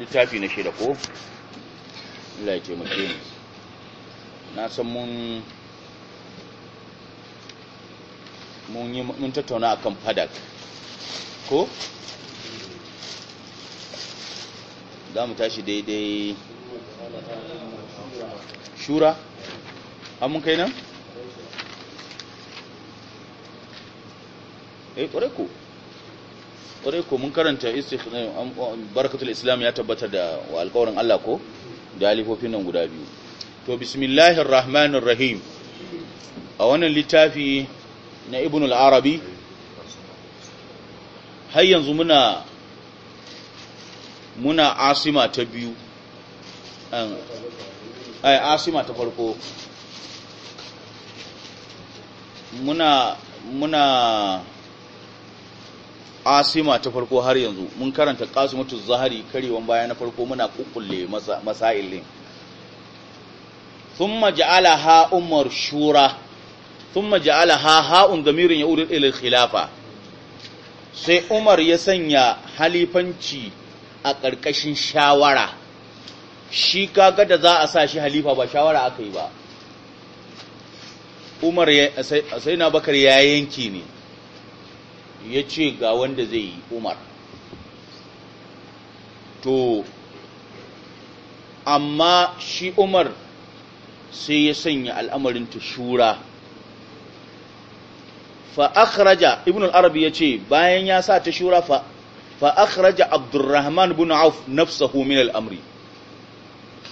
littafi na shida ko Allah ya taimake mu na san mun mun yi mun tattauna akan fadak ko za mu tashi daidai shura an mun kai nan eh ƙwarai ko ƙwarai ko mun karanta barakatul islam ya tabbatar da alƙawarin Allah ko da alifofin nan guda biyu to bismillahir rahmanir rahim a wannan littafi na ibn al-arabi har yanzu muna muna asima ta biyu ai asima ta farko muna muna asima ta farko har yanzu mun karanta qasimatu zahari karewan baya na farko muna kukulle masailin. Sun thumma ja'alaha umar shura thumma ja'alaha ha'un damirin ya ila al-khilafa sai umar ya sanya halifanci a ƙarƙashin shawara shi kaga da za a sa shi halifa ba shawara aka yi ba umar sai na bakar ya yanki ne ya ce ga wanda zai yi umar to amma shi umar sai ya sanya al'amarin ta shura fa'akharaja ibn al'arabi ya ce bayan ya sa ta shura fa'akharaja abdurrahman bin auf nafsahu min al'amri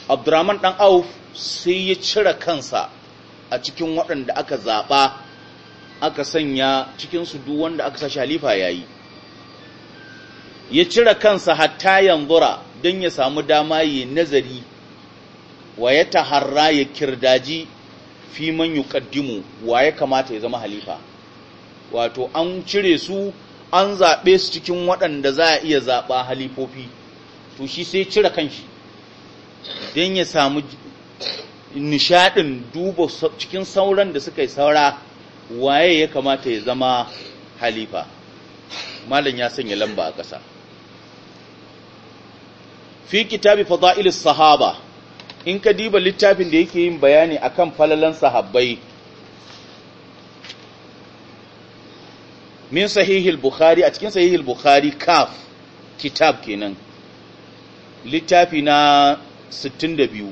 abdurrahman dan auf sai ya cire kansa a cikin waɗanda aka zaɓa aka sanya cikinsu duk wanda aka sashi halifa ya yi ya cire kansa hatta yanzura don ya samu dama yi nazari wa ya taharra ya kirdaji fi man ƙaddimu? wa ya kamata ya zama halifa wato an cire su an zaɓe su cikin waɗanda za a iya zaɓa halifofi to shi sai cire kanshi don ya samu nishaɗin duba cikin sauran da suka yi saura waye ya kamata ya zama halifa malam ya sanya lamba a ƙasa fi kitabi fada'ilis sahaba in ka diba littafin da yake yin bayani akan falalan sahabbai min sahihil bukhari a cikin sahihil bukhari kaf kitab kenan littafi na 62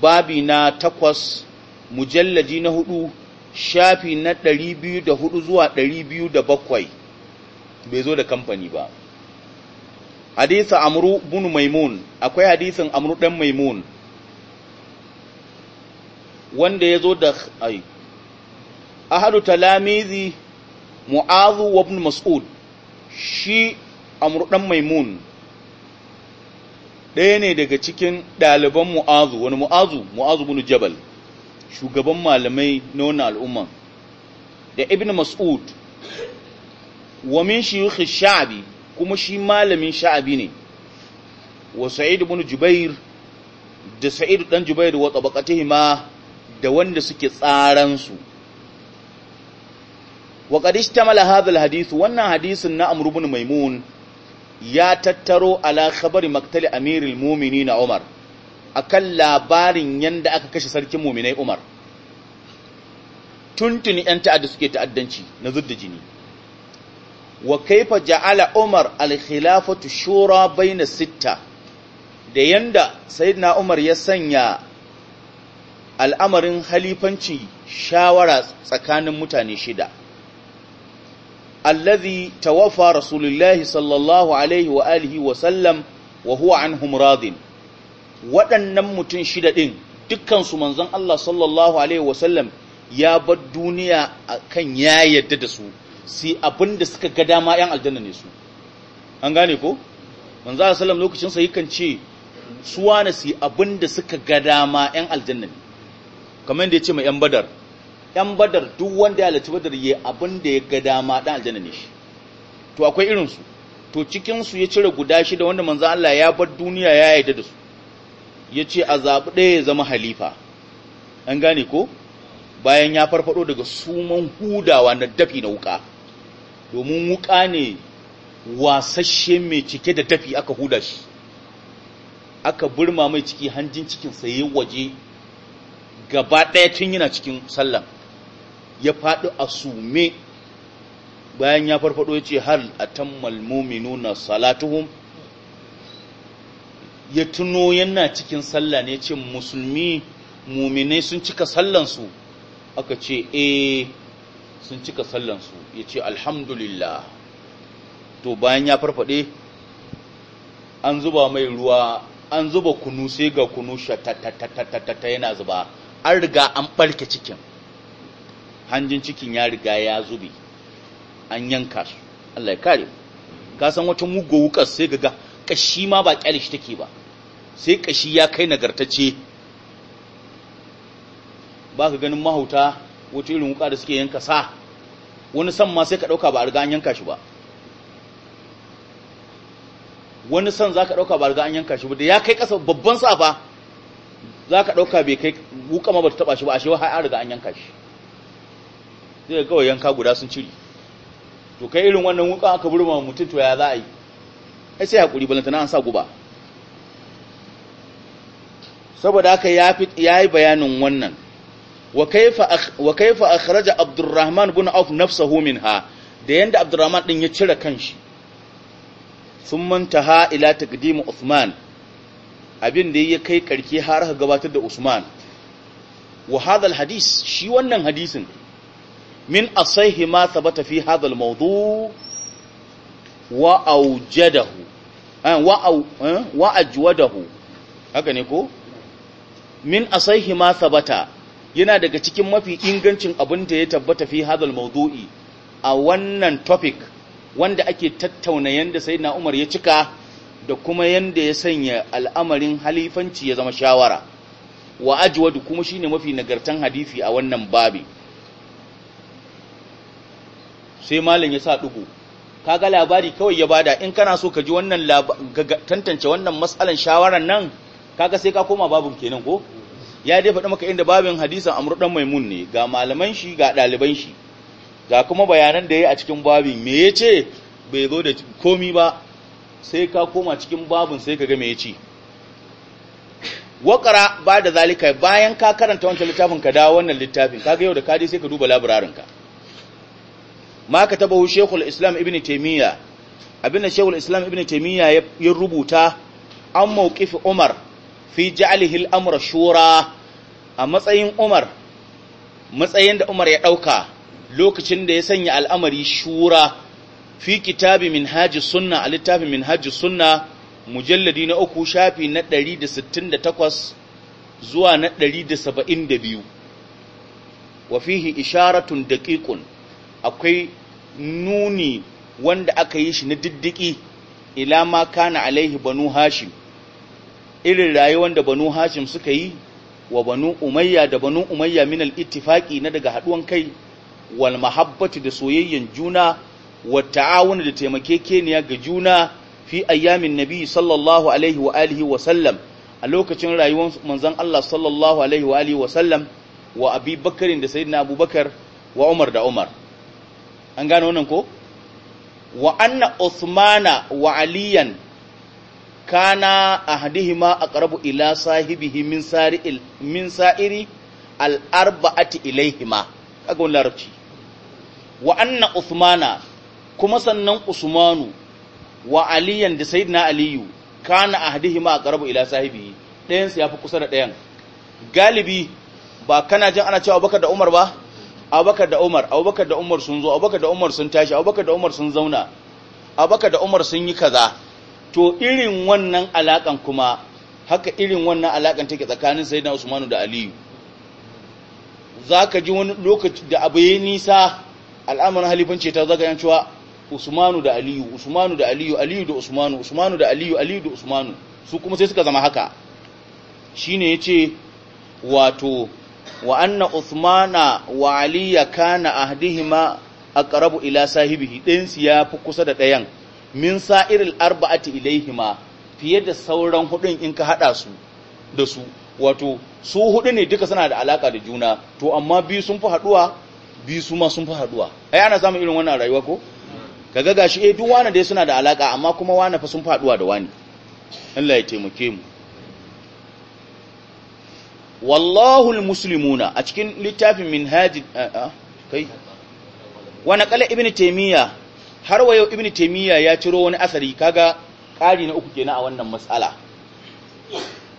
babi na 8 mujallaji na 4 shafi na 204 zuwa 207 bai zo da kamfani ba hadisa amru bin maimun akwai hadisin amru dan maimun wanda ya zo da ai ahadu talamizi mu'azu wa ibn mas'ud shi amru dan maimun ɗaya ne daga cikin ɗaliban mu'azu wani mu'azu mu'azu bin jabal shugaban malamai na wannan al'umma da ibn mas'ud wa min shuyukh sha'abi, kuma shi malamin sha'bi ne wa sa'id ibn jubair da sa'id dan jubair wa ma da wanda suke tsaran su wa qad ishtamala hadha alhadith wannan hadisin na amr ibn maimun ya tattaro ala khabari maktali amiril mu'minin umar akan labarin yanda aka kashe sarkin muminai Umar tuntuni ‘yan ta'adda suke ta'addanci na zudda jini wa kaifa ja'ala Umar al-khilafatu shura baina sitta da yanda sayyidina Umar ya sanya al'amarin halifanci shawara tsakanin mutane shida allazi tawaffa rasulullahi sallallahu alaihi wa alihi wa sallam wa huwa anhum radin waɗannan mutum shida ɗin dukkansu manzon Allah sallallahu alaihi wasallam ya bar duniya akan ya yadda da su si abin da suka ga dama yan aljanna ne su an gane ko manzan Allah sallam lokacin sa kan ce su na si abin da suka ga dama yan aljanna ne kamar yadda ya ce ma yan badar yan badar duk wanda ya halarci badar ya abin da ya ga dama dan aljanna ne shi to akwai irinsu to cikinsu ya cire guda shida wanda manzan Allah ya bar duniya ya yadda da su ya ce a zaɓi ɗaya ya zama halifa an gane ko bayan ya farfado daga suman hudawa na dafi na wuka domin wuka ne wasashe mai cike da dafi aka huda shi aka burma mai ciki hanjin cikin saye waje gaba ɗaya tun yana cikin sallan ya faɗi a sume bayan ya farfado ya ce hal a tammal na salatuhun ya tuno yana cikin sallah ne ya ce musulmi muminai sun cika sallansu aka ce eh sun cika sallansu ya ce alhamdulillah to bayan ya farfaɗe an zuba mai ruwa an zuba kunu sai ga kunu shatatatatata yana zuba an riga an ɓarke cikin hanjin cikin ya riga ya zube an yanka su Allah ya kare ka san wata mugo wukas sai ga kashi ma ba kyale shi take ba sai kashi ya kai nagartacce ba ka ganin mahauta wata irin wuka da suke yanka sa wani san ma sai ka ɗauka ba a riga an yanka shi ba wani san za ka ɗauka ba riga an yanka shi ba da ya kai ƙasa babban safa za ka ɗauka bai kai wuka ma ba ta taɓa shi ba a shi har an riga an yanka shi zai kawai yanka guda sun ciri to kai irin wannan wuka aka burma mutum to ya za a yi ai sai hakuri balantana an sa guba saboda haka ya yi bayanin wannan wa kaifa akhraja abdurrahman bin auf nafsuhu minha da yanda abdurrahman din ya cire kanshi sun ha ila taqdim usman abin da ya kai karki har gabatar da usman wa hadal shi wannan hadisin min asaihi ma thabata fi hadal mawdu wa awjadahu eh, eh, wa ajwadahu haka ne ko min asaihi ma sabata yana daga cikin mafi ingancin abin da ya tabbata fi hadal mawdu'i a wannan topic wanda ake tattauna yanda sayyidina Umar ya cika da kuma yanda ya sanya al'amarin halifanci ya zama shawara wa ajwadu kuma shine mafi nagartan hadisi a wannan babi sai malam ya sa Ka ga labari kawai ya bada in kana so ka ji wannan tantance wannan matsalan shawaran nan kaga sai ka koma babun kenan ko ya dai faɗi maka inda babin hadisan amru dan maimun ne ga malaman shi ga daliban shi ga kuma bayanan da ya a cikin babin me ya bai zo da komi ba sai ka koma cikin babin sai ka ga me ya ce waƙara ba da zalika bayan ka karanta wancan littafin ka dawo wannan littafin kaga yau da ka sai ka duba ka ma ka taba shekul islam ibn Taymiya, abin da islam ibn Taymiya ya rubuta an mawqifi umar fi ja'alihil al'amra shura a matsayin Umar matsayin da Umar ya ɗauka, lokacin da ya sanya al'amari shura fi kitabi minhaji sunna a littafin minhaji sunna mujalladi na uku shafi na 168 zuwa na 172 wa fihi isharatun daqiqun akwai nuni wanda aka yi shi na diddiki ila ma kana alaihi banu hashim irin rayuwar da banu hashim suka yi wa banu umayya da banu umayya min al-ittifaqi na daga haduwan kai wal mahabbati da soyayyen juna wa ta'awun da taimakekeniya ga juna fi ayyamin nabi sallallahu alaihi wa alihi wa sallam a lokacin rayuwar manzon Allah sallallahu alaihi wa alihi wa sallam wa abi da sayyidina abubakar wa umar da umar an gano wannan ko wa anna uthmana wa aliyan kana ahdihima aqrabu ila sahibihi min sa'iri min sa'iri al-arba'ati ilayhima kaga wannan larabci wa anna uthmana kuma sannan usmanu wa aliyan da sayyidina aliyu kana ahdihima aqrabu ila sahibihi ɗayan su yafi kusa da ɗayan galibi ba kana jin ana cewa Abubakar da Umar ba Abubakar da Umar Abubakar da Umar sun zo Abubakar da Umar sun tashi Abubakar da Umar sun zauna Abubakar da Umar sun yi kaza to irin wannan alaƙan kuma haka irin wannan alaƙan take tsakanin na usmanu da aliyu za ka ji wani lokaci da abu ya nisa al'amarin halifanci ta zaga cewa usmanu da aliyu usmanu da aliyu aliyu da usmanu usmanu da aliyu aliyu da usmanu su kuma sai suka zama haka shine yace wato wa anna usmana wa aliya kana ahdihima aqrabu ila sahibihi ɗayansu ya fi kusa da ɗayan min sa'iril arba'ati ilaihima fiye da sauran hudun in ka hada su da su wato su hudu ne duka suna da alaka da juna to amma biyu sun fi haduwa biyu su ma sun fi haduwa ai ana samun irin wannan rayuwa ko kaga gashi eh duk wani dai suna da alaka amma kuma wani fa sun fi haduwa da wani Allah ya taimake mu wallahu almuslimuna a cikin littafin minhaj kai wa naqala ibnu taymiya har wa yau ibnu taymiya ya ciro wani asari kaga ƙari na uku kenan a wannan matsala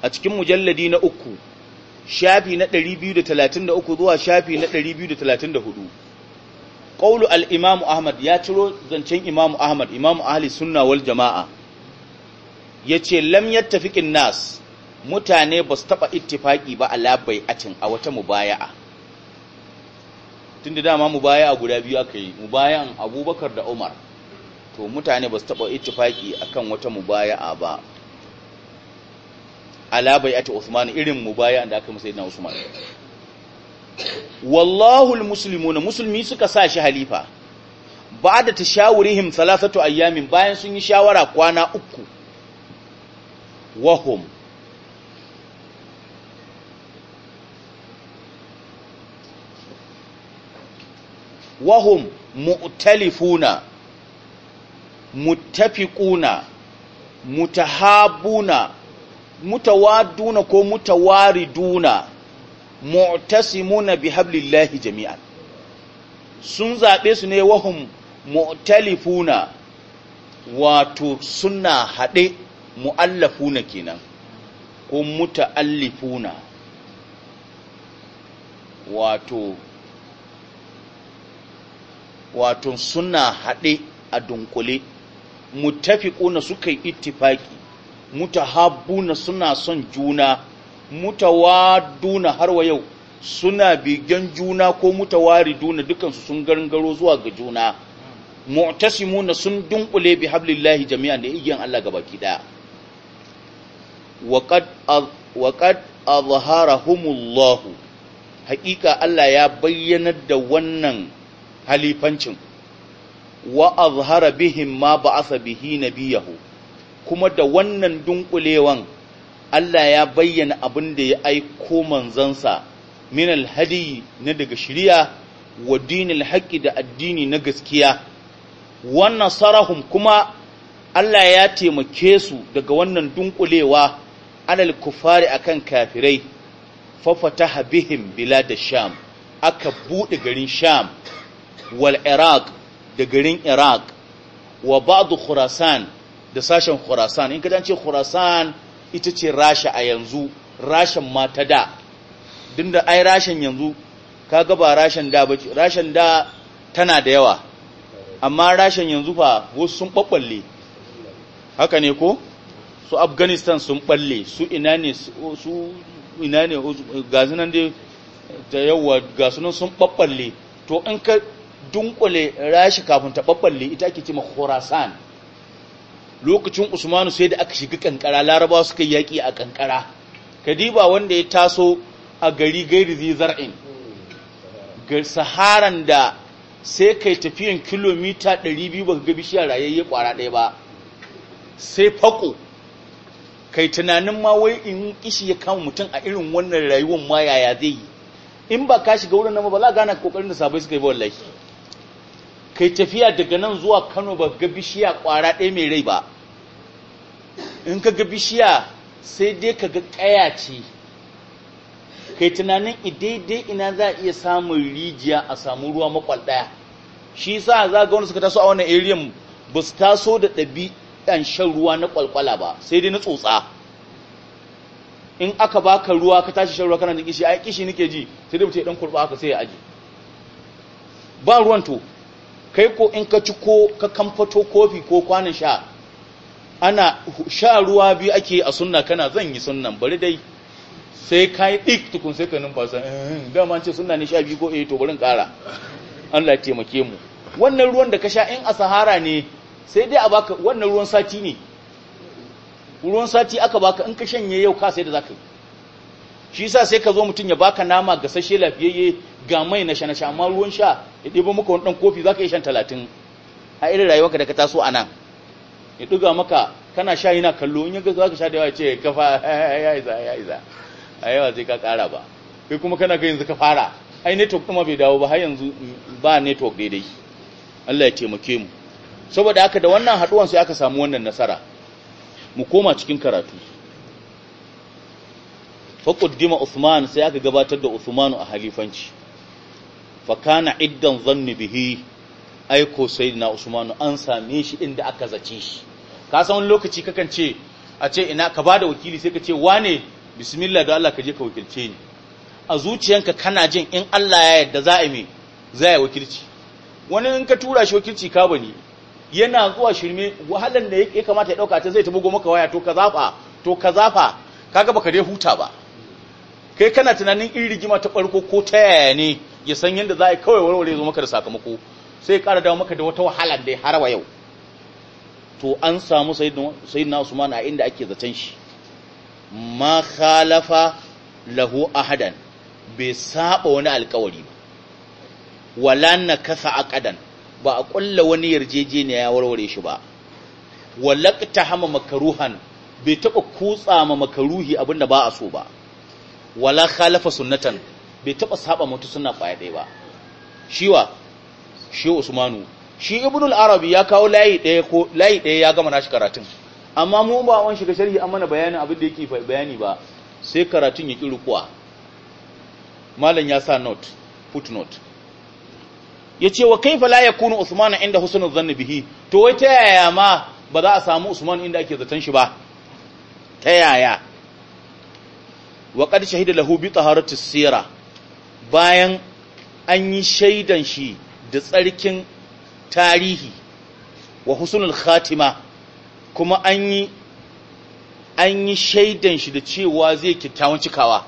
a cikin mujalladi na uku shafi na 233 zuwa shafi na 234 qaulu al-imam ahmad ya ciro zancen imam ahmad imam ahli sunna wal jamaa yace lam yattafiqin nas mutane ba su taba ittifaki ba a labai a cin a wata mubaya'a Tun da dama mu baya a guda biyu aka yi mu bayan abubakar da umar to mutane ba su taɓa ittifaki akan wata mu baya a ba alabai ati usman irin mu baya da aka masa na usman wallahu almuslimuna musulmi suka sa shi halifa ba da tashawurihim thalathatu ayyamin bayan sun yi shawara kwana uku wahum wahum mu'talifuna muttafiquna mutahabuna mutawaduna ko mutawariduna mu'tasimuna bihablillahi jami'an sun zaɓe su ne wahum mu'talifuna wato suna haɗe mu'allafuna kenan ko muta'allifuna wato wato suna haɗe a dunkule mutafiquna suka yi ittifaki mutahabbuna suna son juna mutawaduna har wa yau suna bigen juna ko mutawariduna dukansu sun gangaro zuwa ga juna mu'tasimuna sun dunkule bi hablillahi jami'a, da igiyan Allah gabaki daya waqad waqad azharahumullahu haƙiƙa Allah ya bayyanar da wannan halifancin wa azhara bihim ma ba'atha bihi nabiyahu kuma da wannan dunkulewan Allah ya bayyana abin da ya aiko manzansa min alhadi na daga shari'a wa dinil haqqi da addini na gaskiya wannan sarahum kuma Allah ya taimake su daga wannan dunkulewa alal kufari akan kafirai fa fataha bihim bilad sham aka bude garin sham wal iraq da garin iraq wa ba'd khurasan da sashen khurasan in ka ce khurasan ita ce rasha a yanzu rashin ma ta da dinda ai rashin yanzu kaga ba rashin da ba rashin da tana da yawa amma rashin yanzu fa wasu sun babballe haka ne ko su afghanistan sun balle su ina ne su ina ne gazunan dai da yawa gasunan sun babballe to in ka dunkule rashi kafin ta ita ake kima khurasan lokacin usmanu sai da aka shiga kankara larabawa suka yi yaƙi a kankara kadiba wanda ya taso a gari gairi zar'in saharan da sai kai tafiyan kilomita 200 ba ga bishiyar rayayye kwara ɗaya ba sai fako kai tunanin ma wai in kishi ya kama mutum a irin wannan rayuwar ma yaya zai yi in ba ka shiga wurin nan ba za gane kokarin da sabai suka yi ba wallahi kai tafiya daga nan zuwa Kano ba ga bishiya kwara ɗaya mai rai ba in ka ga bishiya sai dai ka ga ƙaya ce kai tunanin dai-dai ina za a iya samun rijiya a samu ruwa makwal ɗaya shi sa za ga wani suka taso a wannan eriyan ba su taso da ɗabi'an shan ruwa na kwalkwala ba sai dai na tsotsa in aka baka ruwa ka tashi shan ruwa kana da kishi ai kishi nake ji sai dai mutum ya ɗan kurɓa haka sai ya aji ba ruwan to kai ko in ka ci ko ka kamfato kofi ko kwanan sha ana sha ruwa biyu ake a sunna kana zan yi sunnan bari dai sai ka yi ɗik tukun sai ka numfasa eh, dama ce sunna ne sha biyu ko eh to bari ƙara Allah ya taimake mu wannan ruwan da ka sha in a sahara ne sai dai a baka wannan ruwan sati ne ruwan sati aka baka in ka shanye yau ka sai da zaka yi shi yasa sai ka zo mutum ya baka nama gasashe lafiyayye ga mai na shana amma ruwan sha ya ɗiba maka wani ɗan kofi za ka yi shan talatin a irin rayuwarka da ka taso a nan ya ɗuga maka kana sha yana kallo in yanka za ka sha da yawa ce kafa ya za ya za a yawa zai ka ƙara ba kai kuma kana ga yanzu ka fara ai network kuma bai dawo ba har yanzu ba network daidai Allah ya taimake mu saboda haka da wannan haɗuwan sai aka samu wannan nasara mu koma cikin karatu qaddima Usman sai aka gabatar da Usmanu a halifanci fa kana iddan zanni bihi aiko sayyidina usmanu an same shi inda aka zace shi ka san wani lokaci kakan ce a ce ina ka bada wakili sai ka ce wane bismillah da Allah ka je ka wakilce ni a zuciyanka kana jin in Allah ya yarda za a yi za a wakilci wani in ka tura shi wakilci ka bani yana zuwa shirme wahalan da ya kamata ya dauka ta zai ta maka waya to ka zafa to ka zafa kaga baka dai huta ba kai kana tunanin in rigima ta farko ko ta yaya ne ya san yadda za a kawai warware zo maka da sakamako sai ya kara dawo maka da wata wahala da ya harawa yau to an samu na usman a inda ake zaton shi ma khalafa lahu ahadan bai saba wani alkawari ba wala nakasa kadan ba a kulla wani yarjejeniya ya warware shi ba ta hama makaruhan bai taɓa kutsa ma makaruhi abinda ba a so ba wala khalafa sunnatan bai taba saba mutu suna kwaya ɗaya ba shiwa shi usmanu shi ibn al-arabi ya kawo layi ɗaya ko layi daya ya gama nashi karatun amma mu ba wani shiga sharhi an mana bayanin abin da yake bayani ba sai karatun ya kirkuwa malam ya sa note footnote yace wa kaifa la yakunu usmanu inda husnu dhanni bihi to wai ta yaya ma ba za a samu usman inda ake zaton shi ba ta yaya wa qad shahida lahu bi taharatis sirah bayan an yi shaidan shi da tsarkin tarihi wa husnul khatima kuma an yi an yi shaidan shi da cewa zai kyakkyawan cikawa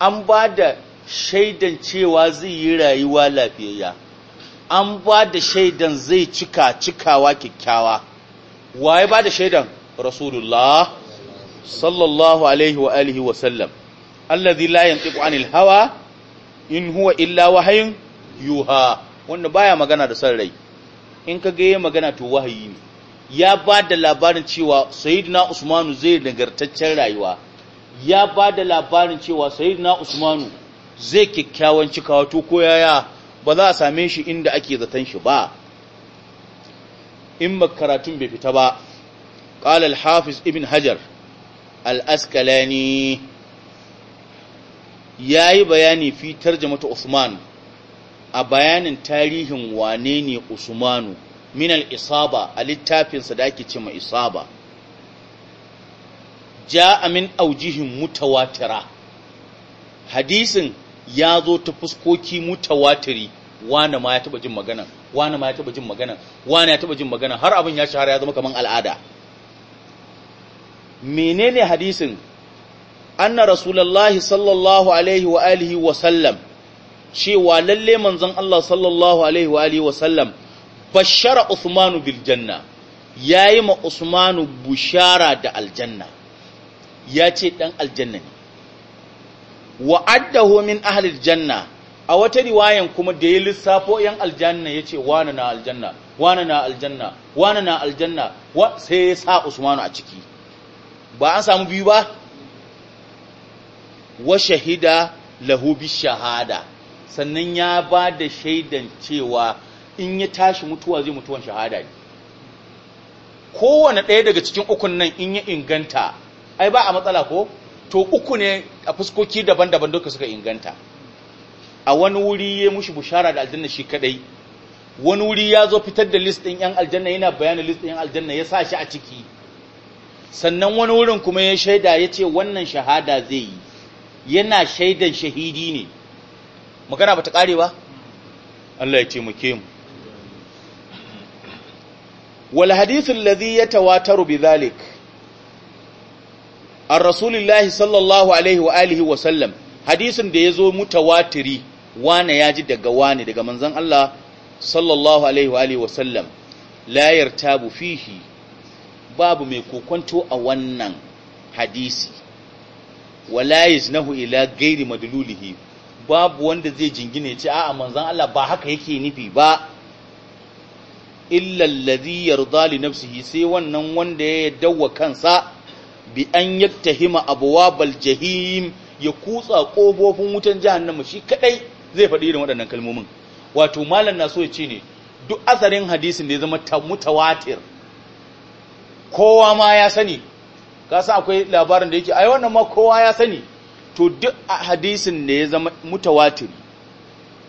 an ba da shaidan cewa zai yi rayuwa lafiyayya an ba da shaidan zai cika cikawa kyakkyawa waye ba da shaidan rasulullah sallallahu alaihi wa alihi wa sallam allazi la yantiqu anil hawa in huwa illa wahayin yuha wanda baya magana da san rai in ka ga magana to wahayi ne ya ba da labarin cewa sayyidina usmanu zai nagartaccen rayuwa ya ba da labarin cewa sayyidina usmanu zai kyakkyawan cikawa to ko yaya ba za a same shi inda ake zaton shi ba in makaratun bai fita ba qala al-hafiz ibn hajar al-asqalani ya yi bayani fi tarjamata usman a bayanin tarihin wane ne usmanu minal isaba a littafinsa da ake ce ma isaba ja'a min aujihin mutawatira hadisin ya zo ta fuskoki mutawatiri wane ma ya taba jin magana wane ma ya taba jin magana wane ya taba jin magana har abin ya shahara ya zama kaman al'ada menene hadisin anna rasulullahi sallallahu alaihi wa alihi wa sallam cewa lalle manzon Allah sallallahu alaihi wa alihi wa sallam bashara Uthmanu bil janna yayi ma Usmanu bushara da aljanna ya ce dan aljanna ne wa'addahu min ahli aljanna a wata riwayan kuma da ya lissafo yan aljanna ya ce wani na aljanna wana na aljanna wana na aljanna wa sai ya sa usmanu a ciki ba an samu biyu ba wa shahida lahu bi shahada sannan ya ba da shaidan cewa in ya tashi mutuwa zai mutuwan shahada ne kowane ɗaya daga cikin ukun nan in ya inganta ai ba a matsala ko to uku ne a fuskoki daban-daban duka suka inganta a wani wuri ya mushi bushara da aljanna shi kadai wani wuri ya zo fitar da list ɗin 'yan aljanna yana bayanin list ɗin 'yan aljanna ya sa shi a ciki sannan wani wurin kuma ya shaida ya ce wannan shahada zai yi yana shaidan shahidi ne magana ba ta ƙare ba Allah ya taimake mu wal hadithul ladhi yatawataru bidhalik ar rasulillahi sallallahu alaihi wa alihi wa sallam hadisin da yazo mutawatiri wane yaji daga wane daga manzon Allah sallallahu alaihi wa alihi wa sallam la yartabu fihi babu mai kokonto a wannan hadisi wala yaznahu ila gairi madlulihi babu wanda zai jingine ce a'a manzon Allah ba haka yake nufi ba illa alladhi yarda li nafsihi sai wannan wanda ya dawwa kansa bi an yattahima abwabal jahim ya kutsa kofofin wutan jahannama shi kadai zai faɗi irin waɗannan kalmomin wato malam na so ya ce ne duk asarin hadisin da ya zama mutawatir kowa ma ya sani ka san akwai labarin da yake ai wannan ma kowa ya sani to duk hadisin da ya zama mutawatiri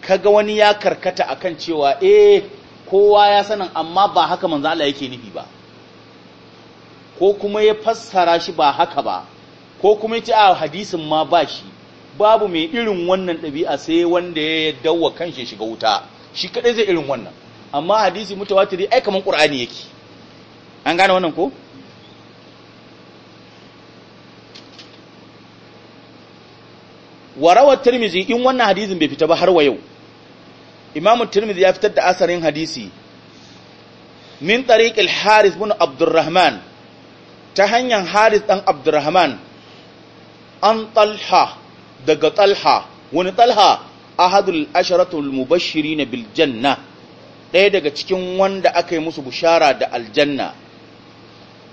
kaga wani ya karkata akan cewa eh kowa ya sanin amma ba haka manzo Allah yake nufi ba ko kuma ya fassara shi ba haka ba ko kuma ya ce a hadisin ma ba shi babu mai irin wannan ɗabi'a sai wanda ya wa kanshi shiga wuta shi kadai zai irin wannan amma hadisi mutawatiri ai kaman qur'ani yake an gane wannan ko wa rawa tirmizi in wannan hadisin bai fita ba har wa yau imamu tirmizi ya fitar da asarin hadisi min tariq haris bin abdurrahman ta hanyar haris dan abdurrahman an talha daga talha wani talha ahadul asharatul mubashirin bil janna ɗaya daga cikin wanda aka yi musu bushara da aljanna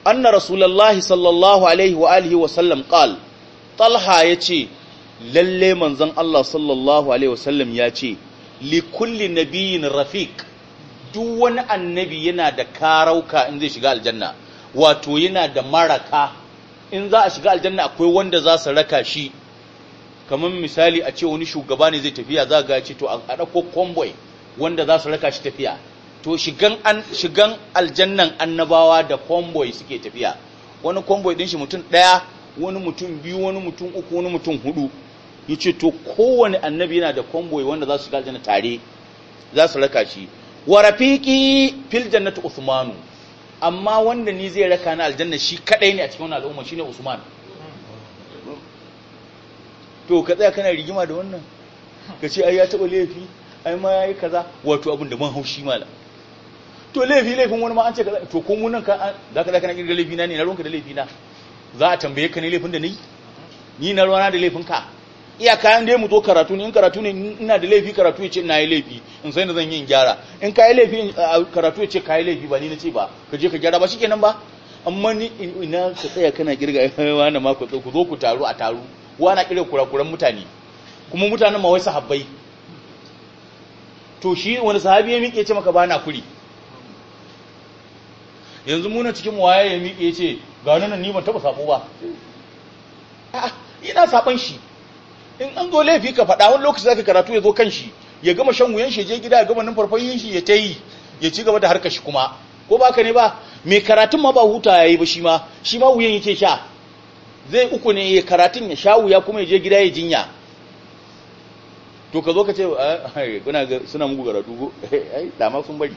anna rasulullahi sallallahu alaihi wa alihi wa sallam qal talha yace lalle manzon Allah sallallahu alaihi wasallam ya ce li kulli nabiyyin rafiq duk wani annabi yana da karauka in zai shiga aljanna wato yana da maraka in za a shiga aljanna akwai wanda za su raka shi kamar misali a ce wani shugaba ne zai tafiya za ga ce to a ɗauko convoy wanda za su raka shi tafiya to shigan an shigan aljannan annabawa da convoy suke tafiya wani convoy din shi mutum ɗaya wani mutum biyu wani mutum uku wani mutum hudu yace to kowane annabi yana da convoy wanda za su shiga aljanna tare za su raka shi wa rafiqi fil jannati usmanu amma wanda ni zai raka na aljanna shi kadai ne a cikin wannan al'umma shine usman to ka tsaya kana rigima da wannan ka ce ai ya taba laifi ai ma yayi kaza wato abin da man haushi mala to laifi laifin wani ma an ce kaza to ko mun nan ka za ka na kirga laifi na ne na ruwanka da laifi na za a tambaye ka ne laifin da ni ni na ruwana da laifin ka Iya kayan da mu zo karatu ne in karatu ne ina da laifi karatu ya ce ina yi laifi in sai zan yi in gyara in ka yi laifi karatu ya ce ka yi laifi ba ni na ce ba ka je ka gyara ba shikenan ba amma ni ina ka tsaya kana girga eh, wani mako, ku zo ku taru a taru wana kira kurakuran mutane kuma mutanen ma wai sahabbai to shi wani sahabi ya miƙe ce maka ba na kuri yanzu muna cikin waye ya miƙe ce ga nan ni ban taba sako ba a'a ina sakon shi in an zo laifi ka faɗa wani lokaci zaka karatu ya zo kan shi ya gama shan wuyan shi je gida ya gama numfarfayin shi ya ta yi ya ci gaba da harkar shi kuma ko baka ne ba mai karatun ma ba huta yi ba shi ma shi ma wuyan yake sha zai uku ne ya karatun ya sha wuya kuma ya je gida ya jinya to ka zo ka ce ah, kuna suna mugu karatu go eh, ai ma sun bari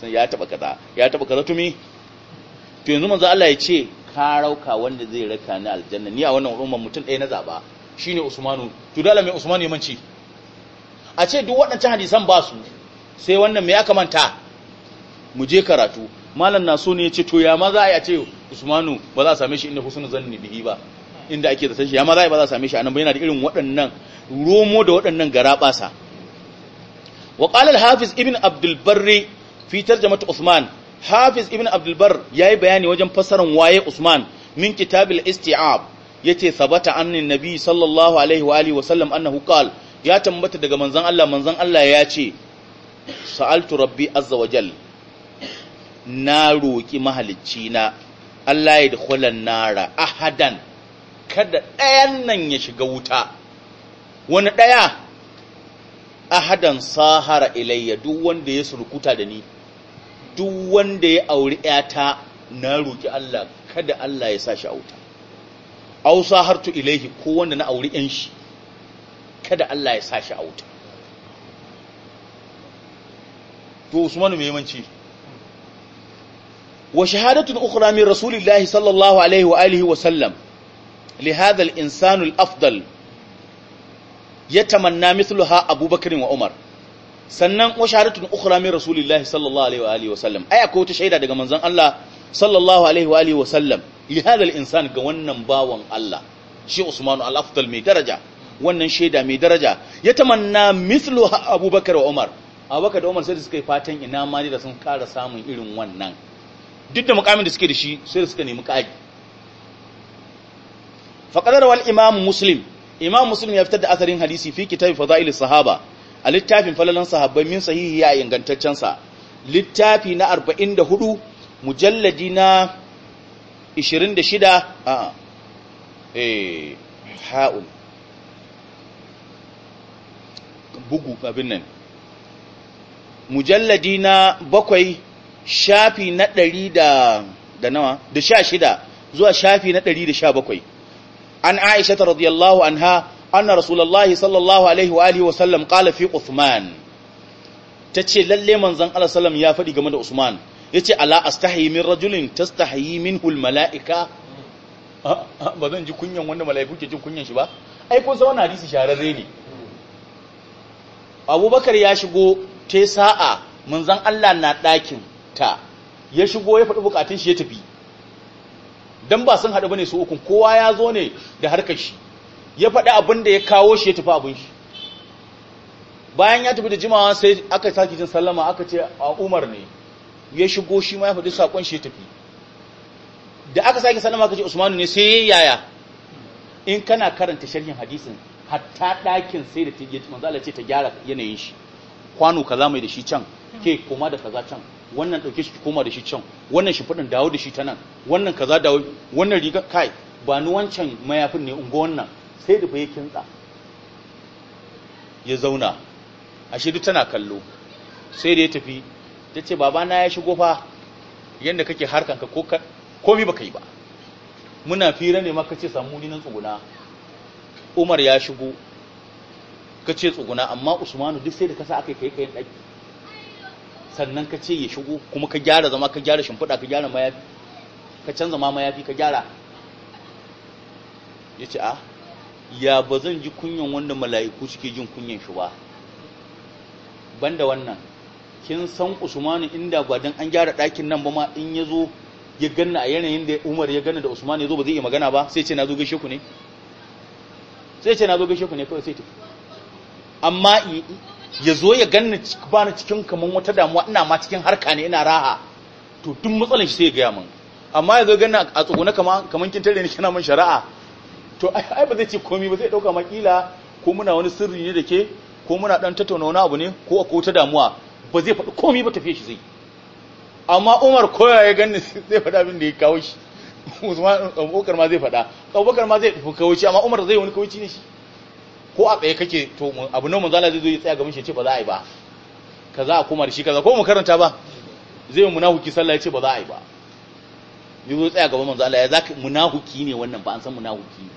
sun ya taba kaza ya taba kaza tumi to yanzu manzo Allah ya ce ka rauka wanda zai raka ni aljanna ni a wannan umman mutum ɗaya na zaba shine usmanu to dala mai usmanu ya manci a ce duk waɗancan hadisan ba su sai wannan me ya kamanta mu je karatu malam na so ne ya ce to ya ma za a yi a ce usmanu ba za a same shi inda husnul zanni bihi ba inda ake da tashi ya ma za a yi ba za a same shi anan ba yana da irin waɗannan romo da waɗannan garabasa wa qala al-hafiz ibn abdul barri fi usman hafiz ibn abdul ya yi bayani wajen fassarar waye usman min kitabil isti'ab yace sabata annin nabi sallallahu alaihi wa alihi wa sallam annahu qal ya tambata daga manzon Allah manzon Allah ya ce sa'altu rabbi azza wa jal na roki mahalicci na Allah ya dukhulan nara ahadan kada ɗayan nan ya shiga wuta wani ɗaya ahadan sahara ilayya duk wanda ya surkuta da ni duk wanda ya auri 'yata na roki Allah kada Allah ya sa shi a wuta ausa hartu ilaihi ko wanda na auri yan shi kada Allah ya sa shi a wuta to Usmanu mai yamanci wa shahadatun ukhra min rasulillahi sallallahu alaihi wa alihi wa sallam li hadha al-insan al-afdal yatamanna mithluha Abubakar wa Umar sannan wa shahadatun ukhra min rasulillahi sallallahu alaihi wa alihi wa sallam ai akwai wata shaida daga manzon Allah sallallahu alaihi wa alihi wa sallam li hadal insan ga wannan bawan Allah shi Usmanu al-Afdal mai daraja wannan shaida mai daraja ya tamanna mithlu Abubakar wa Umar Abubakar da Umar sai suka yi fatan ina ma da sun kara samun irin wannan duk da mukamin da suke da shi sai suka nemi kaji faqadar wal imam muslim imam muslim ya fitar da asarin hadisi fi kitabi fadail sahaba a littafin falalan sahabbai min sahihi ya ingantaccen sa littafi na 44 mujalladi na 26 a eh ha'un bugu abin nan mujalladi na bakwai shafi na ɗari da da nawa da sha shida zuwa shafi na ɗari da sha bakwai an aisha ta radiyallahu anha anna rasulullahi sallallahu alaihi wa alihi wasallam qala fi uthman tace lalle manzon Allah sallam ya faɗi game da usman yace ala astahyi min rajulin tastahyi minhu almalaika ba zan ji kunyan wanda malaiku ke jin kunyan shi ba ai kun hadisi shararre ne Abubakar ya shigo te sa'a manzon Allah na ɗakin ta ya shigo ya faɗi bukatun shi ya tafi don ba sun haɗu bane su ukun kowa ya zo ne da harkar shi ya faɗi abin da ya kawo shi ya tafi abin shi bayan ya tafi da jimawa sai aka sake jin sallama aka ce a Umar ne ya shigo shi ma ya faɗi saƙon shi ya tafi da aka sake sanar maka ce usmanu ne sai yaya in kana karanta sharhin hadisin hatta ɗakin sai da ta yi manzala ce ta gyara yanayin shi kwano kaza mai da shi can ke koma da kaza can wannan ɗauke shi koma da shi can wannan shi faɗin dawo da shi ta nan wannan kaza dawo wannan riga kai ba ni wancan mayafin ne unguwa wannan sai da bai ya ya zauna ashe duk tana kallo sai da ya tafi ta ce babana ya shigo fa yadda kake harkanka komi baka yi ba muna fira ne maka ce samu ni nan tsuguna umar ya shigo ka ce tsuguna amma usmanu duk sai da kasa aka yi kai kayan ɗaki sannan ka ce ya shigo kuma ka gyara zama ka gyara shimfiɗa ka gyara mayafi ka canza ma mayafi ka gyara ya ce a ah, ya ba zan ji kunyan wanda mala'iku suke jin kunyan shi ba banda wannan kin san usmanu inda ba dan an gyara ɗakin nan ba ma in ya zo ya ganna a yanayin da umar ya ganna da usmanu ya zo ba zai iya magana ba sai ce na zo gaishe ku ne sai ce na zo gaishe ku ne kawai sai ta amma ya zo ya ganna ba na cikin kaman wata damuwa ina ma cikin harka ne ina raha to duk matsalan shi sai ya gaya min amma ya zo ganna a tsugune kaman kaman kin tare ni kina min shari'a to ai ba zai ce komai ba zai dauka makila ko muna wani sirri ne da ke ko muna dan tattauna wani abu ne ko akwai wata damuwa ba zai faɗi komi ba tafiye shi zai amma umar koya ya gani zai faɗa abin da ya kawo shi abubakar ma zai faɗa abubakar ma zai shi amma umar zai wani shi ne shi ko a tsaye kake to abu nan manzala zai zo ya tsaya gaban shi ya ce ba za a yi ba ka za a koma da shi kaza ko mu karanta ba zai munahuki sallah ya ce ba za a yi ba ya zo tsaya gaban manzala ya zaka munafuki ne wannan ba an san munahuki ne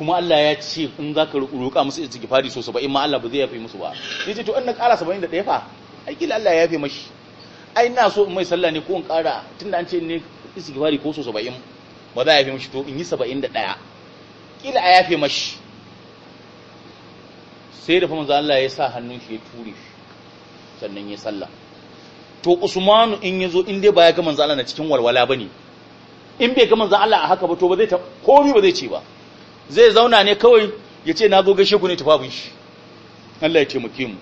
kuma Allah ya ce in za ka roƙa musu gifari so saba'in ma Allah ba zai yafe musu ba ya ce to an na ƙara saba'in da ɗaya fa aikila Allah ya yafe mashi ai na so in mai sallah ne ko in ƙara tunda an ce ne gifari ko so saba'in ba za a yafe mashi to in yi saba'in da ɗaya ƙila a yafe mashi sai da fama Allah ya sa hannun shi ya ture shi sannan ya sallah to Usmanu in zo in dai ba ya ga manzo Allah na cikin walwala bane in bai ga manzo Allah a haka ba to ba zai ta komai ba zai ce ba zai zauna ne kawai ya ce na zo gaishe ku ne tufafin shi Allah ya muke mu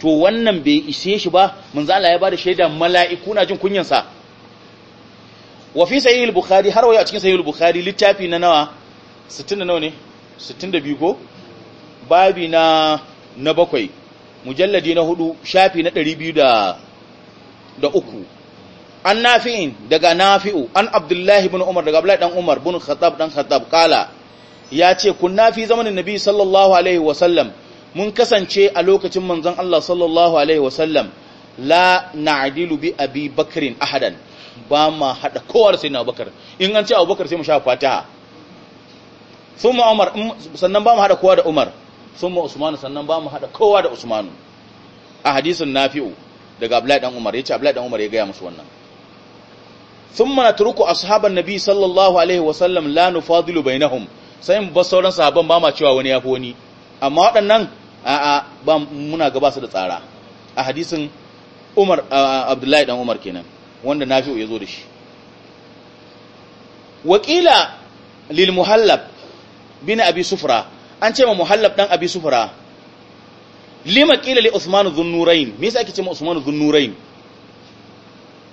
to wannan bai ishe shi ba manzo Allah ya bada shaida mala'iku na jin kunyan sa wa fi sahih al-bukhari har waya cikin sahih al-bukhari littafi na nawa 60 nawa ne 62 ko babi na na bakwai mujalladi na hudu shafi na 200 da da uku an nafi'in daga nafi'u an abdullahi bin umar daga abdullahi dan umar bin khattab dan khattab kala ya ce kunna fi zamanin nabi sallallahu alaihi wasallam mun kasance a lokacin manzon Allah sallallahu alaihi wasallam la na'dilu bi abi bakrin ahadan ba ma hada kowar sai na bakar in an ce abubakar sai mu sha fataha thumma umar sannan ba mu hada kowa da umar thumma usman sannan ba mu hada kowa da usman a hadisin nafi'u daga abdullahi dan umar yace abdullahi dan umar ya ga musu wannan thumma natruku ashaban nabi sallallahu alaihi wasallam la nufadilu bainahum sai mu bar sauran sahabban ba ma cewa wani ya fi wani amma waɗannan a'a ba muna gaba su da tsara a hadisin Umar Abdullahi dan Umar kenan wanda Nafi'u ya zo da shi wakila lil muhallab bin abi sufra an ce ma muhallab dan abi sufra lima qila li usman dhunnurain me yasa ake ce ma usman dhunnurain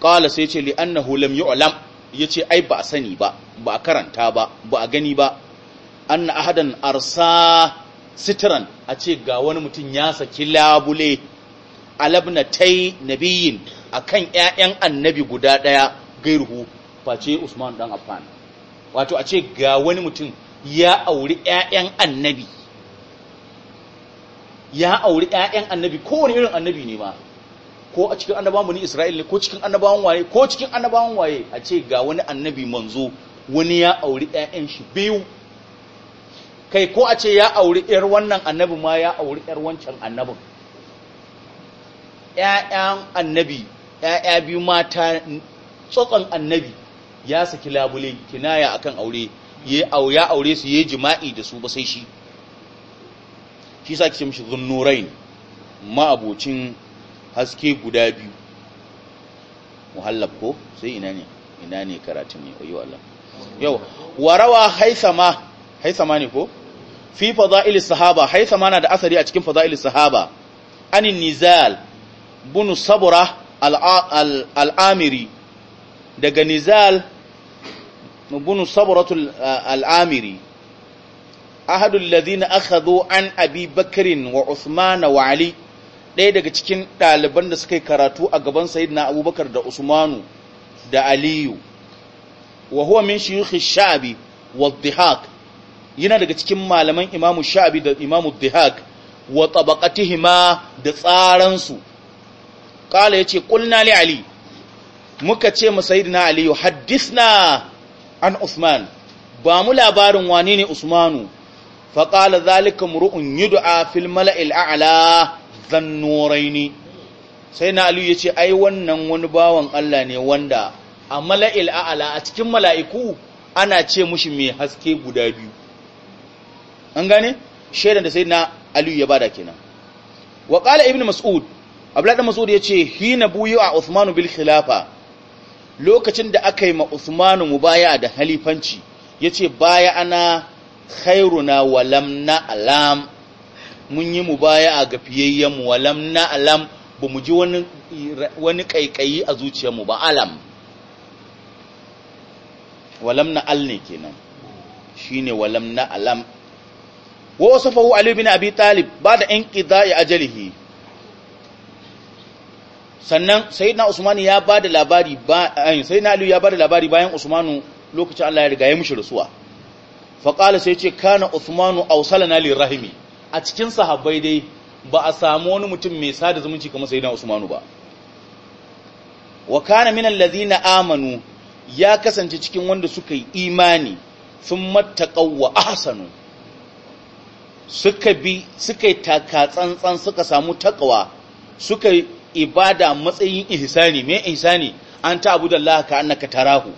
qala sai ce li annahu lam yu'lam yace ai ba sani ba ba karanta ba ba gani ba anna ahadan arsa sitran a ce ga wani mutum ya saki labule alabnatai nabiyin akan ƴaƴan annabi guda ɗaya gairuhu face Usman dan Affan wato a ce ga wani mutum ya auri ƴaƴan annabi ya auri ƴaƴan annabi wani irin annabi ne ma ko a cikin annabawan bani Isra'il ne ko cikin annabawan waye ko cikin annabawan waye a ce ga wani annabi manzo wani ya auri ƴaƴan shi biyu kai ko a ce ya auri ‘yar wannan annabi ma ya auri ‘yar wancan annabin ‘ya'yan annabi ‘ya'ya biyu mata tsotson annabi ya saki labule kinaya akan aure ya aure su ya jima'i da su ba sai shi shi sa kishin shi zunnurain ma'abocin haske guda biyu muhallab ko sai ina ne ina ne karatun ne Wa Allah yau warawa haisama haisama ne ko fi fada'ilis sahaba haitha mana da asari a cikin fada'ilis sahaba anin nizal bunu sabura al'amiri daga nizal bunu saburatul uh, al'amiri ahadul ladhina akhadhu an abi bakrin wa usman wa ali ɗaya daga cikin ɗaliban da suka yi karatu a gaban sayyidina abubakar da usmanu da aliyu wa huwa min shuyukhi shabi wa dhihak yana daga cikin malaman imamu sha'abi da imamu Dihag wa tabaqatihima da tsaransu kala yace qulna li ali muka ce mu sayyidina ali haddisna an usman ba mu labarin wane ne usmanu fa qala zalika mur'un yud'a fil mala'il a'la dhannuraini sai na Aliyu ya ce, ai wannan wani bawan Allah ne wanda a mala'il a'la a cikin mala'iku ana ce mushi mai haske guda biyu an gane shaidan da sai na aliyu ya bada kenan wa qala ibnu mas'ud abdullahi mas'ud yace hina buyu a usmanu bil khilafa lokacin da aka yi ma usmanu mubaya da halifanci yace baya ana khairuna walam na alam mun yi mubaya ga fiyayyan mu walam na alam ba mu ji wani wani kaikayi a zuciyarmu ba alam walam na al ne kenan shine walam na alam wa wasafahu ali bin abi talib ba da inqida'i ajalihi sannan sayyidina usmanu ya bada labari bayan eh, sayyidina ali ya bada labari bayan usmanu lokacin Allah ya riga ya mushi rasuwa fa qala sai ce kana usmanu awsalana lirahimi a cikin sahabbai dai ba a samu wani mutum mai sada zumunci kamar sayyidina usmanu ba wa kana min alladhina amanu ya kasance cikin wanda suka yi imani sun mattaqaw wa ahsanu suka bi suka taka tsantsan suka samu takawa suka yi ibada matsayin ihsani me ihsani an ta abu da Allah ka annaka tarahu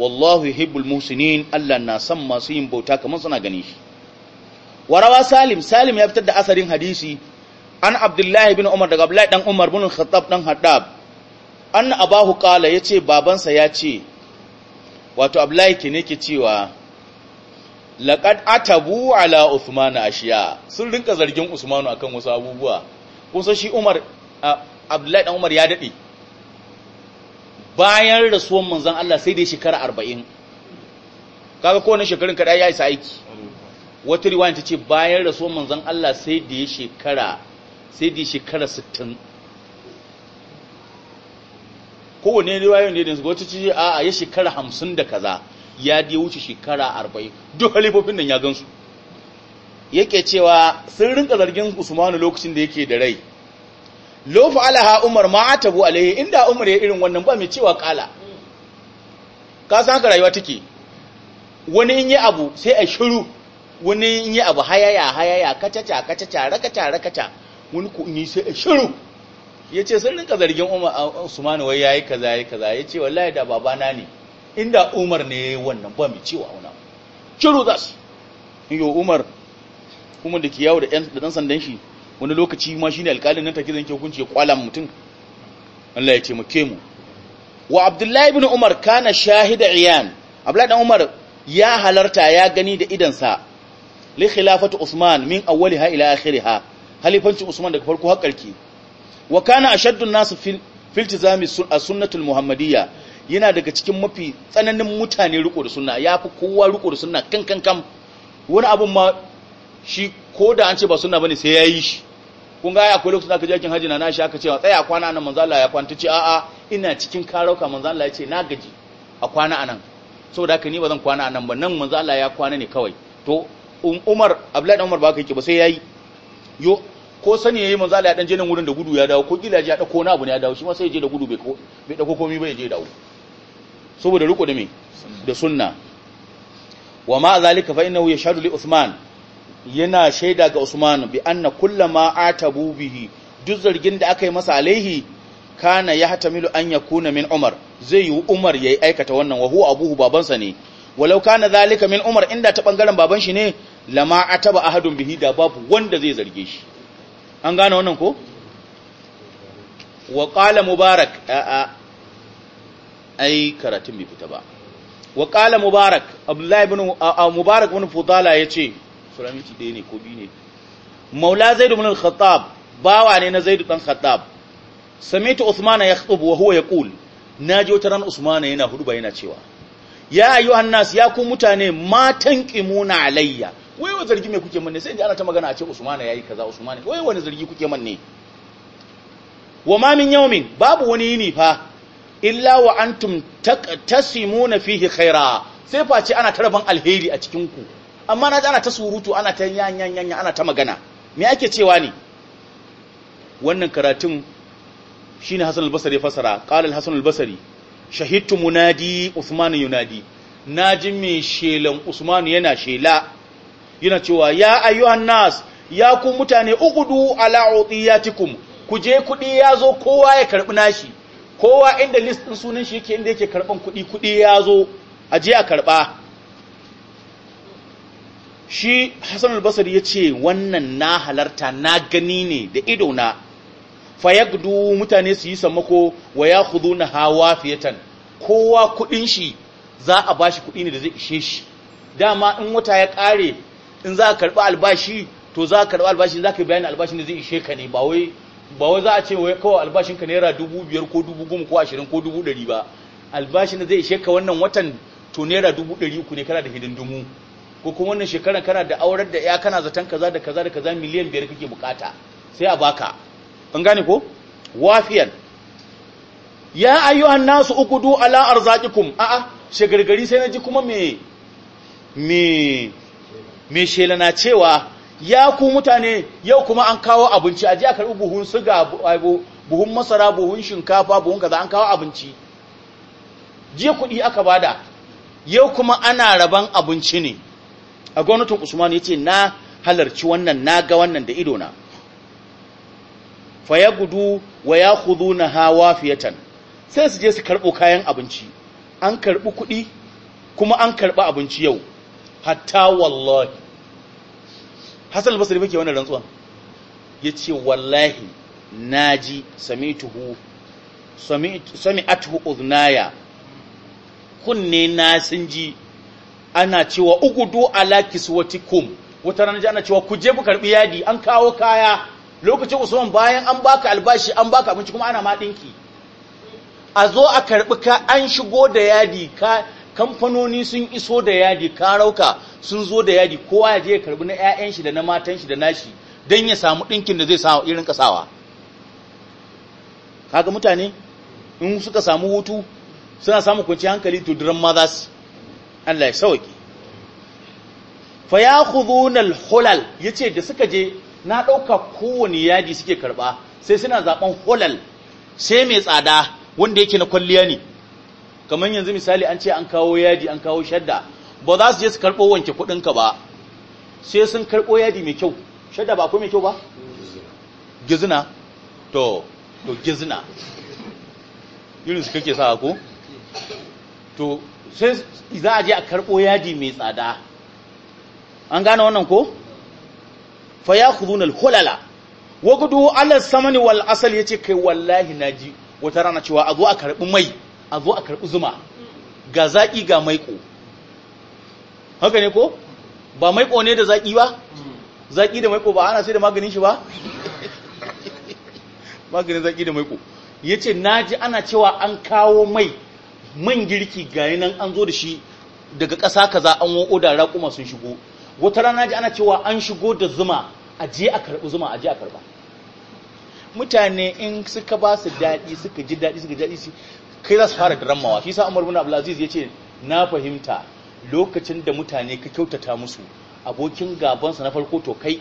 wallahu yuhibbul muhsinin Allah na san masu yin bauta kamar suna gani shi warawa salim salim ya fitar da asarin hadisi an abdullahi bin umar daga abdullahi dan umar bin khattab dan haddab an abahu qala yace babansa yace wato abdullahi ke ne ke cewa laqad atabu ala Uthman ashiya sun rinka zargin Usmanu akan wasu abubuwa kun san shi Umar Abdullahi dan Umar ya dade bayan rasuwan manzon Allah sai dai shekara 40 kaga kowane shekarun kada ya isa aiki wata riwaya ta ce bayan rasuwan manzon Allah sai da ya shekara sai da shekara 60 kowane riwaya ne da wata ce a ya shekara 50 da kaza ya da wuce shekara arba'in duk halifofin nan ya gansu yake cewa sun rinka zargin usmanu lokacin da yake da rai lo fa'alaha umar ma atabu alaihi inda umar ya irin wannan ba mai cewa kala ka san haka rayuwa take wani in yi abu sai a shiru wani in yi abu hayaya hayaya kacaca kacaca rakaca rakaca wani ku ni yi sai a shiru ya ce sun rinka zargin usmanu wai ya yi kaza ya yi kaza ya ce wallahi da babana ne inda umar ne wannan ba mai cewa wani shiru za su yi umar kuma da ke yawo da ɗan sandan shi wani lokaci ma shi ne alƙalin nan take zan ke hukunci ya kwala mutum Allah ya taimake mu wa abdullahi bin umar kana shahida iyan abdullahi dan umar ya halarta ya gani da idansa li khilafatu usman min awwaliha ila akhiriha halifancin usman daga farko har karki wa kana ashaddu an-nas fil filtizami as-sunnah muhammadiyya yana daga cikin mafi tsananin mutane riko da sunna ya fi kowa riko da sunna kan kan kam wani abun ma shi ko da an ce ba sunna bane sai ya yi shi kun ga akwai lokacin da aka je yakin haji na na shi aka cewa tsaya kwana nan manzo Allah ya kwanta ce a'a ina cikin karauka manzo Allah ya ce na gaji a kwana anan saboda haka ni ba zan kwana anan ba nan manzo Allah ya kwana ne kawai to um, Umar Abdullahi da Umar ba kai ke ba sai ya yi yo ko sani yayi manzo Allah ya dan je nan wurin da gudu ya dawo ko kila ya dauko na abu ne ya dawo shi ma sai ya je da gudu bai bai dauko komai bai je dawo saboda riko da me da sunna wa ma zalika fa innahu yashhadu li usman yana shaida ga usman bi anna kullama atabu bihi duk zargin da aka yi masa alaihi kana yahtamilu an yakuna min umar zai yi umar yayi aikata wannan wa huwa abuhu babansa ne walau kana zalika min umar inda ta bangaren baban shi ne lama ataba ahadun bihi da babu wanda zai zarge shi an gane wannan ko wa qala mubarak a ai karatun bai fita ba wa kala mubarak abdullahi ibn mubarak ibn fudala yace sulamiti dai ne ko bi ne maula zaid ibn al-khattab bawa ne na zaid ibn khattab sami'tu usmana yakhutubu wa huwa yaqul naji wata ran Usman yana hudba yana cewa ya ayyuhan nas ya ku mutane matan qimuna alayya wai wa zargi me kuke manne sai inji ana ta magana a ce usman yayi kaza Usman wai wani zargi kuke manne wa ma min yawmin babu wani yini fa illa wa antum tasimuna fihi khaira sai face ana tarban alheri a cikin ku amma na ana ta surutu ana ta yanyan ana ta magana me ake cewa ne wannan karatun shine Hassan al-Basri fasara qala al-Hasan al-Basri shahidtu munadi usman yunadi najin me shelan Usman yana shela yana cewa ya ayuhan nas ya ku mutane uqudu ala utiyatikum ku je kudi zo kowa ya karbi nashi kowa inda list ɗin sunan shi yake inda yake karɓan kuɗi kuɗi ya zo a je a karɓa shi hassan albasari ya ce wannan na halarta na gani ne da ido na. fayagdu mutane su yi sammako wa ya hudu na hawa fiyatan kowa kuɗin shi za a ba shi kuɗi ne da zai ishe shi dama in wata ya ƙare in za a karɓi albashi to za a karɓi albashi za ka yi albashin da zai ishe ka ne ba wai ba wai za a ce wai kawai albashin ka naira dubu biyar ko dubu goma ko ashirin ko dubu ɗari ba albashin da zai ishe ka wannan watan to naira dubu ɗari uku ne kana da hidindimu ko kuma wannan shekaran kana da aurar da ya kana zaton kaza da kaza da kaza miliyan biyar kake bukata sai a baka an gane ko wafiyan ya ayyuhan nasu ukudu ala arzaqikum a a shagargari sai ji kuma me me me shela na cewa ya ku mutane yau kuma an kawo abinci a ji a karɓi buhun suga buhun masara buhun shinkafa buhun kaza an kawo abinci jiya kuɗi aka bada yau kuma ana rabon abinci ne a gwamnatin usman ya ce na halarci wannan na ga wannan da idona fa ya gudu wa ya kudu na hawa fiyatan sai su je su karɓo kayan abinci an karɓi kuɗi kuma an karɓi abinci yau hatta wallahi hasan al muke bake wannan rantsuwan yace wallahi naji samituhu sami'atuhu udhnaya kunne na sun ji ana cewa ugudu ala kiswatikum wata ranar ana cewa ku je ku karbi yadi an kawo kaya lokacin usman bayan an baka albashi an baka abinci kuma ana ma dinki a zo a karbi ka an shigo da yadi ka kamfanoni sun iso da yadi karauka sun zo da yadi kowa ya je ya karbi na 'ya'yan shi da na matan shi da nashi don ya samu ɗinkin da zai samu irin kasawa kaga mutane in suka samu hutu suna samun kwanci hankali to duran ma za su Allah ya sauke fa ya khudhuna holal hulal yace da suka je na ɗauka kowane yadi suke karɓa sai suna zaɓen holal sai mai tsada wanda yake na kwalliya ne kamar yanzu misali an ce an kawo yadi an kawo shadda ba za su je su karɓo wanke kuɗinka ba sai sun karɓo yadi mai kyau shadda ba ko mai kyau ba gizina to to gizina irin su kake sa ko to sai za a je a karɓo yadi mai tsada an gane wannan ko fa ya khuduna al-hulala wa gudu ala samani wal asal yace kai wallahi naji wata rana cewa a zo a karɓi mai a zo a karɓi zuma ga zaƙi ga maiƙo haka ne ko ba maiƙo ne da zaƙi ba zaƙi da maiƙo ba ana sai da maganin shi ba maganin zaƙi da maiƙo ya ce na ji ana cewa an kawo mai man girki gayi nan an zo da shi daga ƙasa kaza an wo da raƙuma sun shigo wata rana ji ana cewa an shigo da zuma a je a karɓi zuma a je a karɓa mutane in suka ba su daɗi suka ji daɗi suka ji daɗi kai za su fara drammawa shi sa Umar ibn ya ce na fahimta lokacin da mutane ka kyautata musu abokin gabansa na farko to kai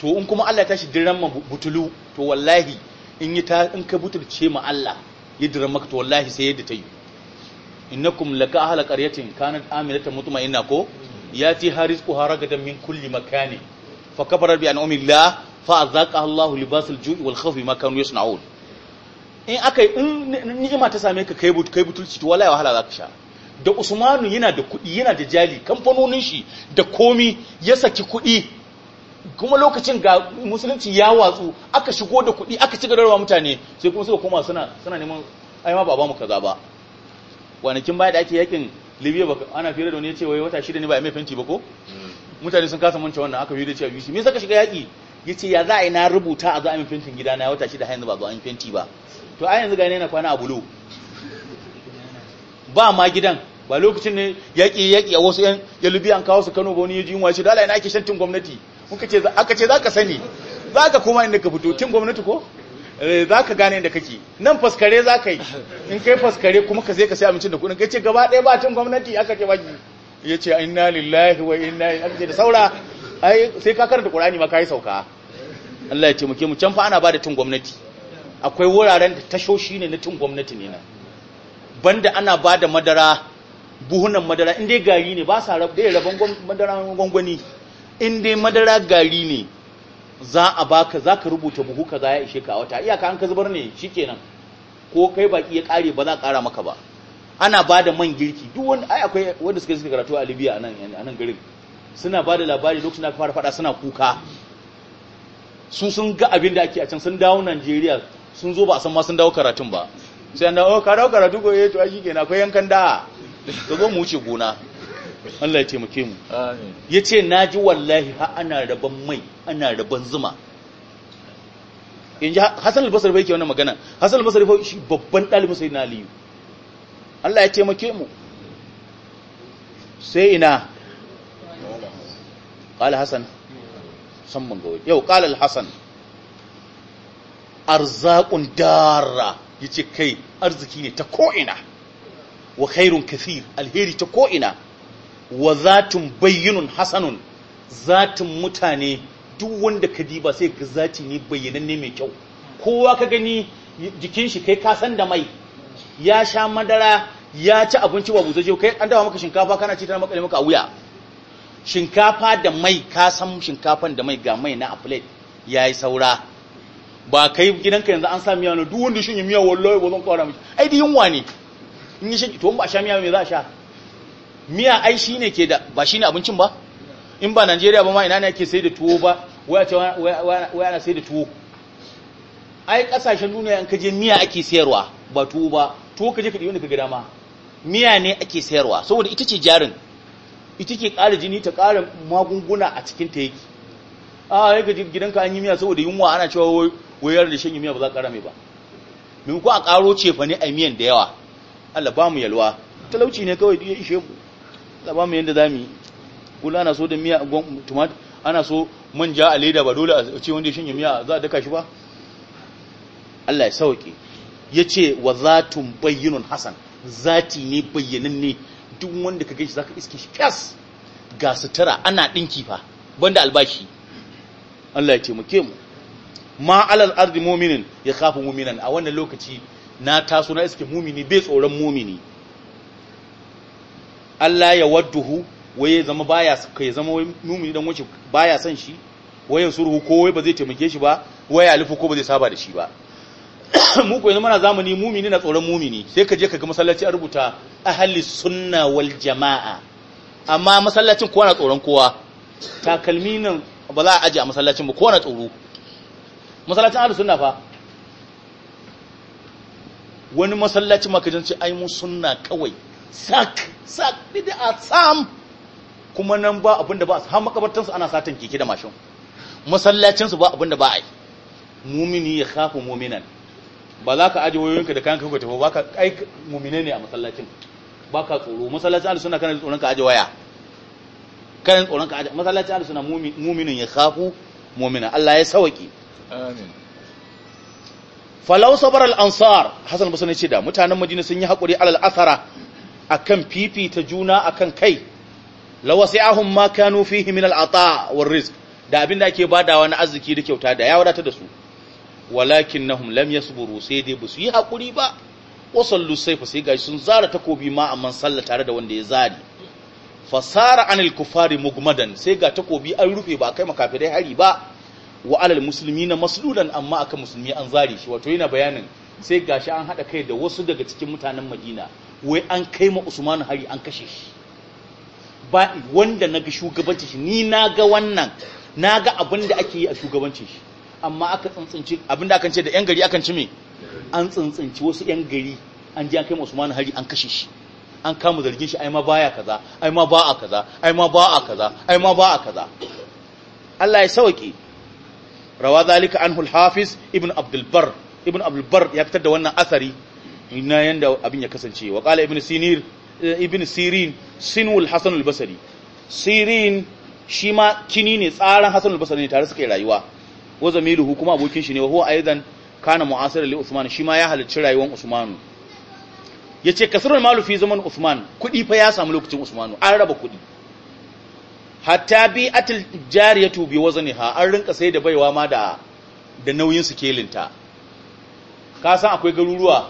to in kuma Allah ya tashi dramma butulu to wallahi in yi ta in ka butulce ma Allah ya dramma to wallahi sai yadda ta yi innakum laka ahla qaryatin kanat amilatan mutma'inna ko yati harizqu haragadan min kulli makani fa kafara bi an'amillah fa azaqaha Allahu libasal ju'i wal khawfi ma kanu yasna'un in aka yi ni'ima ta same ka kai kai butulci to ya wahala zaka sha da Usmanu yana da kuɗi yana da jali kamfanonin shi da komi ya saki kuɗi kuma lokacin ga musulunci ya watsu aka shigo da kuɗi aka ci da mutane sai kuma suka koma suna suna neman ai ma ba ba mu kaza ba kin baya da ake yakin libya ba ana fira da wani ya ce wai wata shida ne ba a mai fenti ba ko hmm. mutane sun kasa mun manta wannan aka biyu da cewa biyu shi me saka shiga yaki yace ya za a yi na rubuta a za a yi fentin gidana ya wata shida har yanzu ba zo an fenti ba to a yanzu gane na kwana a bulo ba ma gidan ba lokacin ne yaƙi yaƙi a wasu yan yalubi an kawo su kano ba wani ya ji yunwa ce dala ina ake shan tin gwamnati aka ce za ka sani za ka koma inda ka fito tin gwamnati ko eh, za ka gane inda kake nan faskare za ka yi in kai faskare kuma ka zai ka sai amincin da kudin kai ce gaba ɗaya ba tin gwamnati aka ce baki ya ce inna lillahi wa inna aka ce da saura ai sai ka karanta qur'ani ma yi sauka Allah ya ce mu ke mu can fa ana ba da tin gwamnati akwai wuraren da tashoshi ne na cin gwamnati ne nan banda ana ba da madara buhunan madara in dai gari ne ba sa ɗaya rabon madara gwangwani in dai madara gari ne za a baka za ka rubuta buhu ka za ya ishe ka a wata iyaka an ka zubar ne shikenan ko kai baki ya kare ba za a kara maka ba ana ba da man girki duk wani ai akwai wanda suka suka karatu a Libya a nan garin suna ba da labari lokacin da aka fara fada suna kuka su sun ga abin da ake a can sun dawo Najeriya sun zo ba a san ma sun dawo karatun ba sai an dawo oh, ka dawo karatu ko eh to ai shikenan akwai yankan da ka zo mu wuce gona Allah ya taimake mu amin yace naji wallahi ha ana raban mai ana raban zuma inji Hassan al-Basri bai ke wannan magana Hassan al-Basri fa shi babban dalibin na aliyu. Allah ya taimake mu sai ina Hassan. حسن ga yau qala al Hassan. arzakun darra ya ce kai arziki ne ta ko'ina wa khairun kathir alheri ta ko'ina wa zatun bayyinun hasanun zatin mutane duk wanda ka diba sai ka zati ne bayyananne mai kyau kowa ka gani jikin shi kai kasan da mai ya sha madara ya ci abinci ba buzaje kai an dawa maka shinkafa kana ci tana makale maka a wuya shinkafa da mai kasan shinkafan da mai ga mai na a plate yayi saura ba kai gidanka yanzu an sa miya na duk wanda shin miya wallahi ba zan kwara miki ai din yunwa ne in yi shi to ba a sha miya me za a sha miya ai shine ke da ba shine abincin ba in ba Najeriya ba ma ina ne ake sai da tuwo ba waya ce waya ana sai da tuwo ai kasashen duniya in ka je miya ake sayarwa ba tuwo ba tuwo ka je ka ne ka gida ma miya ne ake sayarwa saboda ita ce jarin ita ke ƙara jini ta ƙara magunguna a cikin ta yake ah, a yake gidanka an yi miya saboda yunwa ana cewa ko da shanye miya ba za a ƙara mai ba min ku a ƙaro fa ne a miyan da yawa Allah ba mu yalwa talauci ne kawai ya ishe mu Allah ba mu yanda za mu yi kula ana so da miya a tumat ana so manja a leda ba dole a ce wanda ya shanye miya za a daka shi ba Allah ya sauke ya ce wa zatun bayyinun hasan zati ne bayyananne duk wanda ka gaishe za iske shi fiyas ga sutura ana ɗinki fa banda albashi Allah ya ke mu ma alal ardi mu'minin ya kafa mu'minan a wannan lokaci na taso na iske mumini bai tsoron mumini Allah ya wadduhu waye zama baya kai zama mumini dan wace baya son shi wayan surhu ko waye ba zai taimake shi ba waya alifu ko ba zai saba da shi ba mu ko yanzu muna zamani mumini na tsoron mumini sai ka je ka ga masallaci a rubuta ahli sunna wal jamaa amma masallacin kowa na tsoron kowa takalminin ba za a aje a masallacin ba kowa na tsoro masallacin ahlus sunna fa wani masallaci makajin ce ai mu sunna kawai sak sak a sam kuma nan ba abinda ba har makabartan su ana satan keke da mashin masallacin su ba abinda ba ai mumini ya khafu mu'minan ba za ka aje wayoyinka da kayan kanka ba ba ka ai mu'mine ne a masallacin ba ka tsoro masallacin ahlus sunna kana tsoron ka aje waya kana tsoron ka aje masallacin ahlus sunna muminin ya khafu mu'mina Allah ya sauke falau sabar ansar hasan basani ce da mutanen madina sun yi hakuri alal athara akan fifita juna akan kai lawasai ahun ma kanu fihi min ata da abin da abinda ake badawa na arziki da kyauta da ya wadata da su walakin na walakinnahum ya suburu sai dai ba su yi haƙuri ba wasallu sayfa sai gashi sun zara takobi ma a man sallah tare da wanda ya zari fasara anil kufari mugmadan sai ga takobi an rufe ba kai makafirai hari ba wa alal na maslulan amma aka musulmi an zare shi wato yana bayanin sai gashi an hada kai da wasu daga cikin mutanen Madina wai an kai ma Usman hari an kashe shi ba wanda na ga shugabanci shi ni na ga wannan na ga abin da ake yi a shugabanci shi amma aka abin da akan ce da yan gari akan ci me an tsintsinci wasu yan gari an ji an kai ma Usman hari an kashe shi an kama zargin shi ai ma baya kaza ai ma ba a kaza ai ma ba a kaza ai ma ba a kaza Allah ya sauke rawa zalika anhu al-hafiz ibn abdul bar ibn abdul bar ya fitar da wannan asari ina yanda abin ya kasance wa qala ibn sinir eh, ibn sirin sinul hasan al-basri sirin shi ma kini ne tsaran hasan al-basri ne tare suka yi rayuwa wa zamiluhu kuma abokin shi ne wa huwa aidan kana mu'asir li usman shi ma ya halarci rayuwar Usman. yace kasrul malu fi zaman usman kudi fa ya samu lokacin Usman, an raba kudi hatta bi atil jariyatu bi wazniha an rinka sai da baiwa ma da da nauyin kelinta ka san akwai garuruwa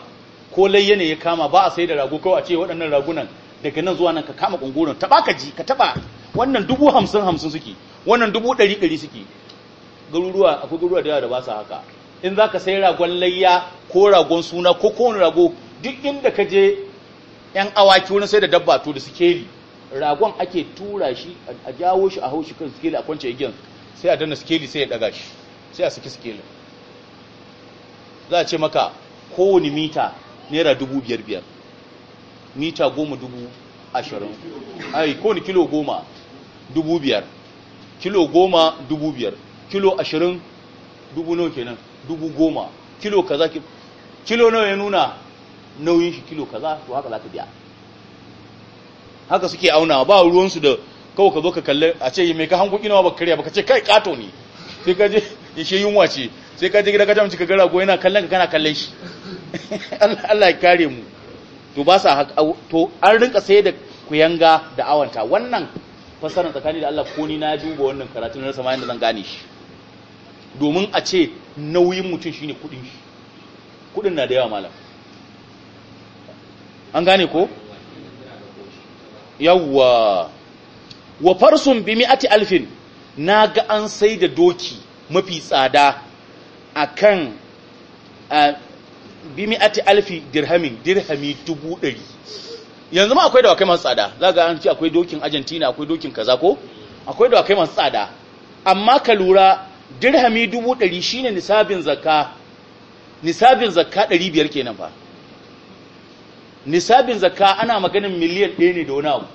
ko layya ne ya kama ba a sai da rago kawai a ce waɗannan ragunan daga nan zuwa nan ka kama kungurun taba ka ji ka taba wannan dubu hamsin hamsin suke wannan dubu ɗari ɗari suke garuruwa akwai garuruwa da yawa da ba su haka in za ka sai ragon layya ko ragon suna ko kowane rago duk inda ka je 'yan awaki wurin sai da dabba to da sikeli ragon ake tura shi a jawo shi a haushi kan skeli a kwance igiyan sai a danna skeli sai ya daga shi sai a saki skeli za a ce maka kowane mita naira dubu biyar biyar mita goma dubu ashirin ai kowane kilo goma dubu biyar kilo goma dubu biyar kilo ashirin dubu nau kenan dubu goma kilo kaza kilo nawa ya nuna nauyin shi kilo kaza to haka za ka biya haka suke auna ba ruwansu da kawai ka zo ka kalle a ce mai ka hango inawa ba karya ba ka ce kai kato ne sai ka je in she yunwa ce sai ka je gida ka ka gara go yana kallon ka kana kallon shi Allah ya kare mu to ba sa to an rinka sai da kuyanga da awanta wannan fasarar tsakani da Allah ko ni na duba wannan karatu na rasa da zan gane shi domin a ce nauyin mutum shine kudin shi kudin na da yawa malam an gane ko yawwa wa farsun bi mi'ati alfin naga an sai da doki mafi tsada akan bi mi'ati alfi dirhamin dirhami dubu ɗari yanzu ma akwai dawakai masu tsada za ga an ce akwai dokin argentina akwai dokin kaza ko akwai dawakai masu tsada amma ka lura dirhami dubu ɗari shine nisabin zakka nisabin zakka ɗari biyar kenan ba. nisabin zakka ana maganin miliyan ɗaya ne da wani abu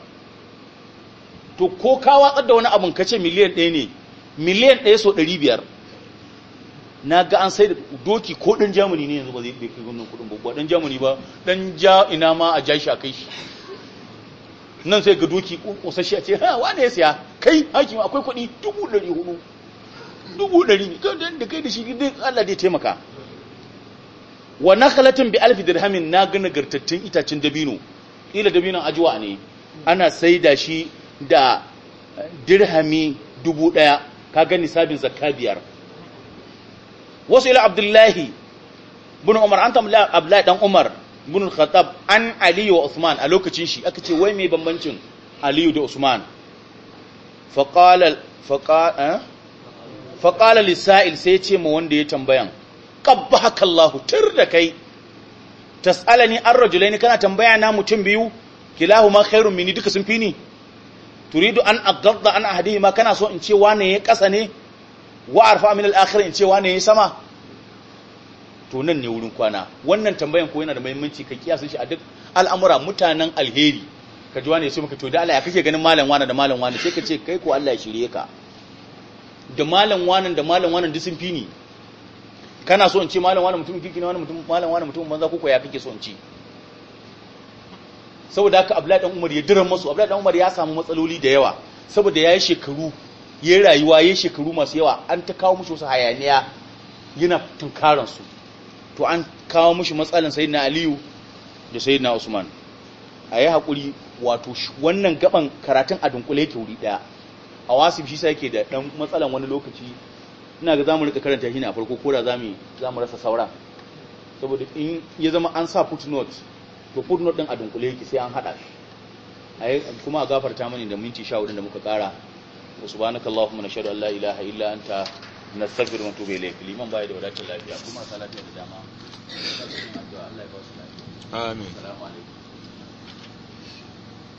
to ko ka watsar da wani abin ka ce miliyan ɗaya ne miliyan ɗaya so ɗari biyar na ga an sai da doki ko ɗan jamani ne yanzu ba zai kai kudin kuɗin ba ɗan jamani ba ɗan ja ina ma a ja shi a kai shi nan sai ga doki ƙusashi a ce ha wane ya siya kai hakim akwai kuɗi dubu ɗari hudu dubu ɗari da kai da shi Allah dai taimaka wa nakhlatin bi alf dirhamin na ga gartattun itacin dabino ila dabino ajwa ne ana saida shi da dirhami dubu ɗaya ka gani sabin zakka biyar wasu ila abdullahi bin umar an tamla abdullahi dan umar bin khattab an aliyu wa usman a lokacin shi aka ce wai mai bambancin aliyu da usman fa qala eh? lisa'il sai ce ma wanda ya tambayan qabbahaka Allah tur da kai tasalani ar-rajulaini kana tambaya na mutum biyu kilahuma khairun mini duka sun fini? turidu an aghdha an ahadihima kana so in ce wane ya kasa ne wa arfa min al-akhir in ce wane ya sama to nan ne wurin kwana wannan tambayan ko yana da muhimmanci ka kiyasin shi a duk al'amura mutanen alheri ka ji wani ya ce maka to da Allah ya kake ganin malam wani da malam wani sai ka ce kai ko Allah ya shirye ka da malam wani da malam wani duk sun fi ni kana so in ce malam wani mutum kirki ne wani mutum malam wani mutum banza koko ya kake so in ce saboda haka Abdullahi dan Umar ya dira masu Abdullahi dan Umar ya samu matsaloli da yawa saboda yayi shekaru yayi rayuwa yayi shekaru masu yawa an ta kawo mushi wasu hayaniya yana tunkaran su to an kawo mushi matsalan sayyidina Aliyu da sayyidina Usman ayi hakuri wato wannan gaban karatun a dunkule yake wuri daya a wasif shi yake da dan matsalan wani lokaci ina ga zamu rika karanta shi ne a farko ko da zamu zamu rasa saura saboda in ya zama an sa footnote to footnote din a dunkule yake sai an hada shi ai kuma a gafarta mani da minti 14 da muka kara wa subhanaka allahumma nashhadu an la ilaha illa anta nastaghfiruka wa natubu ilayk liman bai da wadatar lafiya kuma salati da dama Allah ya ba su lafiya amin assalamu alaikum